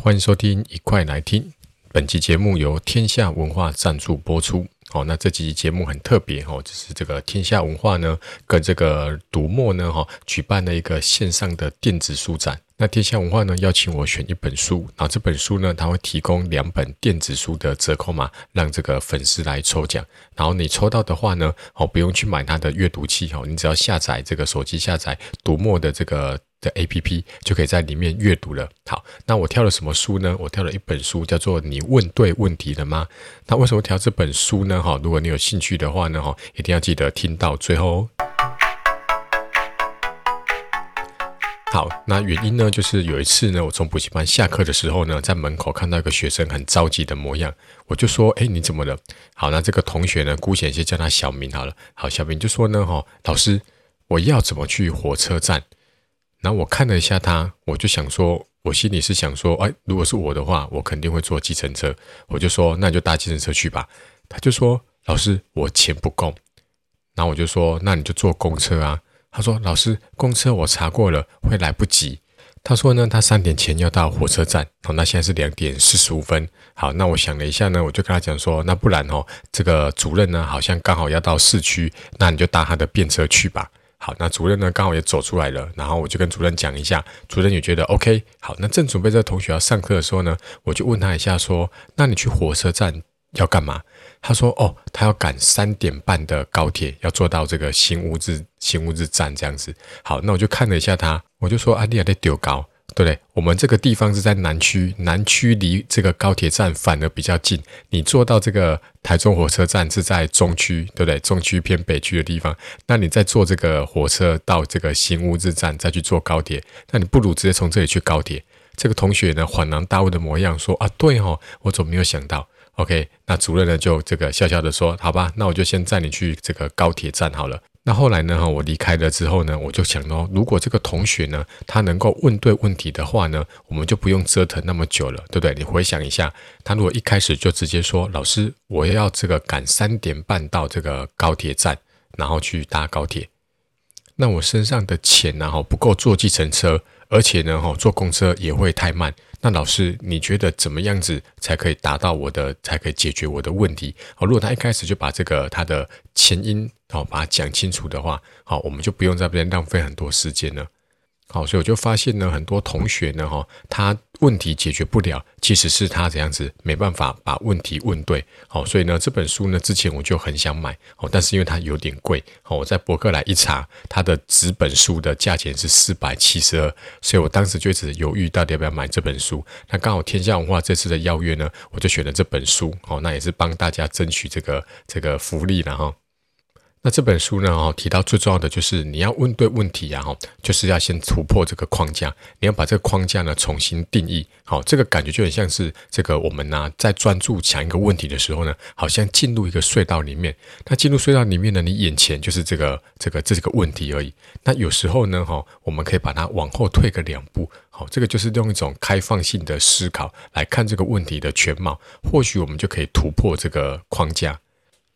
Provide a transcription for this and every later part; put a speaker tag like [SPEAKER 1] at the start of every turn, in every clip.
[SPEAKER 1] 歡迎收聽，一塊來聽。本期節目由天下文化贊助播出。哦，那這期節目很特別哦，就是這個天下文化呢，跟這個讀墨呢，哈、哦，舉辦了一個線上的電子書展。那天下文化呢，邀請我選一本書，然後這本書呢，它會提供兩本電子書的折扣碼，讓這個粉絲來抽獎。然後你抽到的話呢，哦，不用去買它的閱讀器哦，你只要下載這個手機下載讀墨的這個。的 A P P 就可以在裡面閱讀了。好，那我挑了什麼書呢？我挑了一本書，叫做《你問對問題了嗎？》。那為什麼挑這本書呢？哈，如果你有興趣的話呢，哈，一定要記得聽到最後哦。好，那原因呢，就是有一次呢，我從補習班下課的時候呢，在門口看到一個學生很着急的模樣，我就說：“哎、欸，你怎麼了？”好，那這個同學呢，姑且先叫他小明好了。好，小明就說呢：“哈、哦，老師，我要怎麼去火車站？”然後我看了一下他，我就想說，我心裡是想說，哎，如果是我的話，我肯定會坐計程車。我就說，那就搭計程車去吧。他就說，老師，我錢不夠。然後我就說，那你就坐公車啊。他說，老師，公車我查過了，會來不及。他說呢，他三點前要到火車站。哦，那現在是兩點四十五分。好，那我想了一下呢，我就跟他講說，那不然哦，這個主任呢，好像剛好要到市區，那你就搭他的便車去吧。好，那主任呢剛好也走出來了，然後我就跟主任講一下，主任也覺得 OK。好，那正準備這個同學要上課的時候呢，我就問他一下，說：那你去火車站要幹嘛？他說：哦，他要趕三點半的高鐵，要坐到這個新烏日、新烏日站這樣子。好，那我就看了一下他，我就說：啊你還在丟高，對不對？我們這個地方是在南區，南區離這個高鐵站反而比較近。你坐到這個台中火車站是在中區，對不對？中區偏北區的地方，那你再坐這個火車到這個新烏日站，再去坐高鐵，那你不如直接從這裡去高鐵。這個同學呢，恍然大悟的模樣說：“啊，對哦，我怎麼沒有想到？”OK，那主任呢就這個笑笑的說：“好吧，那我就先載你去這個高鐵站好了。”那後來呢？我離開了之後呢，我就想到，如果這個同學呢，他能夠問對問題的話呢，我們就不用折騰那麼久了，對不對？你回想一下，他如果一開始就直接說：“老師，我要這個趕三點半到這個高鐵站，然後去搭高鐵。”那我身上的錢然後不夠坐計程車，而且呢，哈，坐公車也會太慢。那老師，你覺得怎麼樣子才可以達到我的，才可以解決我的問題？好，如果他一開始就把這個他的前因，哦，把它講清楚的話，好，我們就不用在這邊浪費很多時間了。好，所以我就發現呢，很多同學呢，哈、哦，他問題解決不了，其實是他怎樣子沒辦法把問題問對。好、哦，所以呢，這本書呢，之前我就很想買，好、哦，但是因為它有點貴，好、哦，我在博客來一查，它的紙本書的價錢是四百七十二，所以我當時就一直猶豫到底要不要買這本書。那剛好天下文化這次的邀約呢，我就選了這本書，好、哦，那也是幫大家爭取這個這個福利了哈。那這本書呢，提到最重要的就是你要問對問題啊，就是要先突破這個框架，你要把這個框架呢重新定義。好、哦，這個感覺就很像是這個我們呢、啊、在專注想一個問題的時候呢，好像進入一個隧道裡面。那進入隧道裡面呢，你眼前就是這個、這個、這個問題而已。那有時候呢，哦、我們可以把它往後退個兩步。好、哦，這個就是用一種開放性的思考來看這個問題的全貌，或許我們就可以突破這個框架。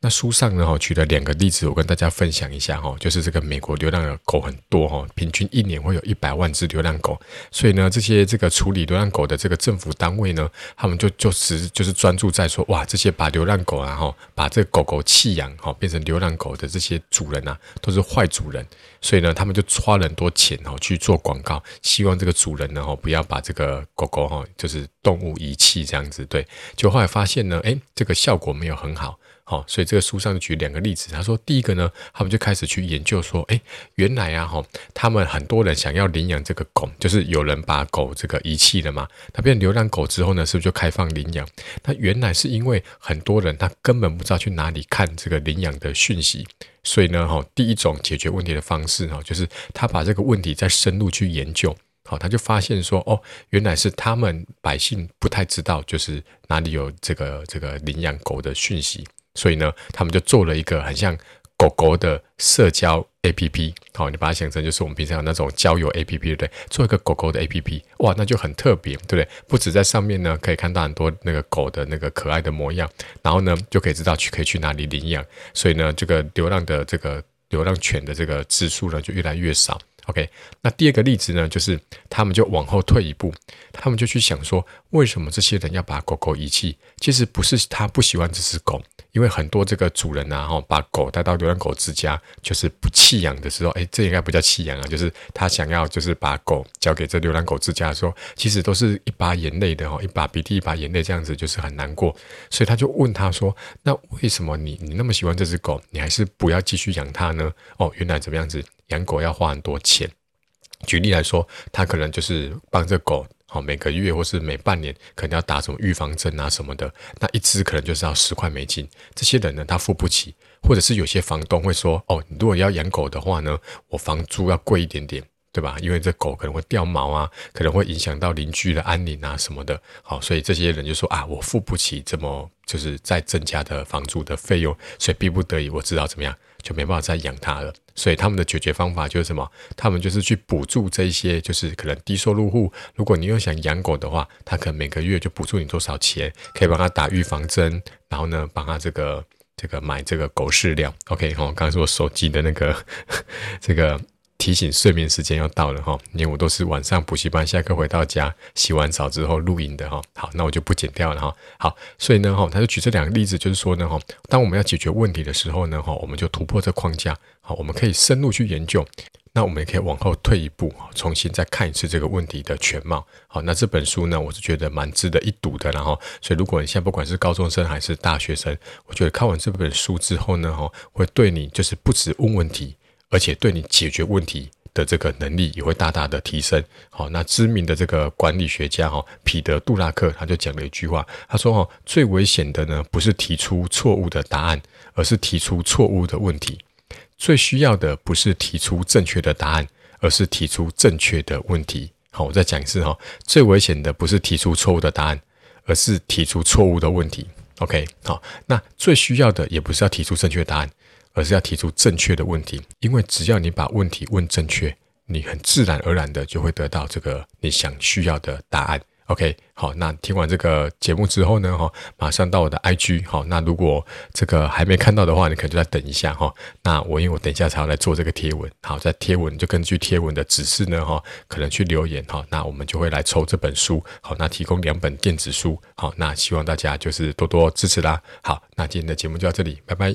[SPEAKER 1] 那書上呢，哈，舉了兩個例子，我跟大家分享一下哈。就是這個美國流浪的狗很多哈，平均一年會有一百萬隻流浪狗。所以呢，這些這個處理流浪狗的這個政府單位呢，他們就就只就是就是專注在說，哇，這些把流浪狗啊，後把這個狗狗棄養哈，變成流浪狗的這些主人啊，都是壞主人。所以呢，他們就花很多錢哈去做廣告，希望這個主人然後不要把這個狗狗哈，就是動物遺棄這樣子。對，就後來發現呢，哎、欸，這個效果沒有很好。好、哦，所以這個書上舉兩個例子，他說第一個呢，他們就開始去研究說，哎，原來啊，哈、哦，他們很多人想要領養這個狗，就是有人把狗這個遺棄了嘛，他變成流浪狗之後呢，是不是就開放領養？那原來是因為很多人他根本不知道去哪裡看這個領養的訊息，所以呢，哈、哦，第一種解決問題的方式啊、哦，就是他把這個問題再深入去研究，好、哦，他就發現說，哦，原來是他們百姓不太知道，就是哪裡有這個這個領養狗的訊息。所以呢，他們就做了一個很像狗狗的社交 A P P，哦，好，你把它想成就是我們平常那種交友 A P P，對不對？做一個狗狗的 A P P，哇，那就很特別，對不對？不止在上面呢，可以看到很多那個狗的那個可愛的模樣，然後呢，就可以知道去可以去哪裡領養。所以呢，這個流浪的這個流浪犬的這個指數呢，就越來越少。OK，那第二個例子呢，就是他們就往後退一步，他們就去想說，為什麼這些人要把狗狗遺棄？其實不是他不喜歡這隻狗，因為很多這個主人啊，把狗帶到流浪狗之家，就是不棄養的時候，哎，這應該不叫棄養啊，就是他想要就是把狗交給這流浪狗之家的時候，其實都是一把眼淚的哦，一把鼻涕一把眼淚這樣子，就是很難過，所以他就問他說，那為什麼你你那麼喜歡這隻狗，你還是不要繼續養它呢？哦，原來怎麼樣子？養狗要花很多錢，舉例來說，他可能就是幫這狗，好每個月或是每半年可能要打什麼預防針啊什麼的，那一隻可能就是要十塊美金。這些人呢，他付不起，或者是有些房東會說：“哦，你如果要養狗的話呢，我房租要貴一點點，對吧？因為這狗可能會掉毛啊，可能會影響到鄰居的安寧啊什麼的哦。”好，所以這些人就說：“啊，我付不起這麼就是再增加的房租的費用，所以逼不得已，我知道怎麼樣。”就沒辦法再養它了，所以他們的解決方法就是什麼？他們就是去補助這些，就是可能低收入戶。如果你又想養狗的話，他可能每個月就補助你多少錢，可以幫他打預防針，然後呢，幫他這個這個買這個狗飼料。OK，哈、哦，剛才是我手機的那個這個。提醒睡眠時間要到了哈，因為我都是晚上補習班下課回到家，洗完澡之後錄音的哈。好，那我就不剪掉了哈。好，所以呢，哈，他就舉這兩個例子，就是說呢，哈，當我們要解決問題的時候呢，哈，我們就突破這框架，好，我們可以深入去研究，那我們也可以往後退一步，重新再看一次這個問題的全貌。好，那這本書呢，我是覺得蠻值得一讀的，然後，所以如果你現在不管是高中生還是大學生，我覺得看完這本書之後呢，哈，會對你就是不止問問題。而且對你解決問題的這個能力也會大大的提升。好，那知名的這個管理學家哈、哦，彼得·杜拉克，他就講了一句話，他說哦，最危險的呢，不是提出錯誤的答案，而是提出錯誤的問題；最需要的不是提出正確的答案，而是提出正確的問題。好，我再講一次哈、哦，最危險的不是提出錯誤的答案，而是提出錯誤的問題。OK，好，那最需要的也不是要提出正確的答案。而是要提出正確的問題，因為只要你把問題問正確，你很自然而然的就會得到這個你想需要的答案。OK，好，那聽完這個節目之後呢，哈，馬上到我的 IG，好，那如果這個還沒看到的話，你可能就再等一下，哈，那我因為我等一下才要來做這個貼文，好，在貼文就根據貼文的指示呢，哈，可能去留言，哈，那我們就會來抽這本書，好，那提供兩本電子書，好，那希望大家就是多多支持啦。好，那今天的節目就到這裡，拜拜。